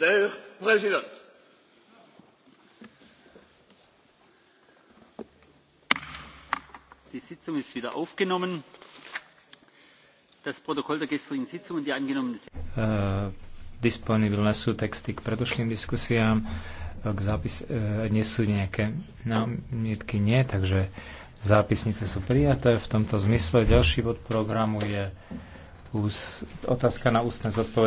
der Präsident. Die Sitzung ist wieder aufgenommen. Das Protokoll der gestrigen Sitzung und die angenommene. Uh, disponibilné sú texty k predošlým diskusiám. K zápis, uh, äh, nie sú nejaké námietky, nie, takže zápisnice sú prijaté. V tomto zmysle ďalší bod programu je ús, otázka na ústne zodpovedanie.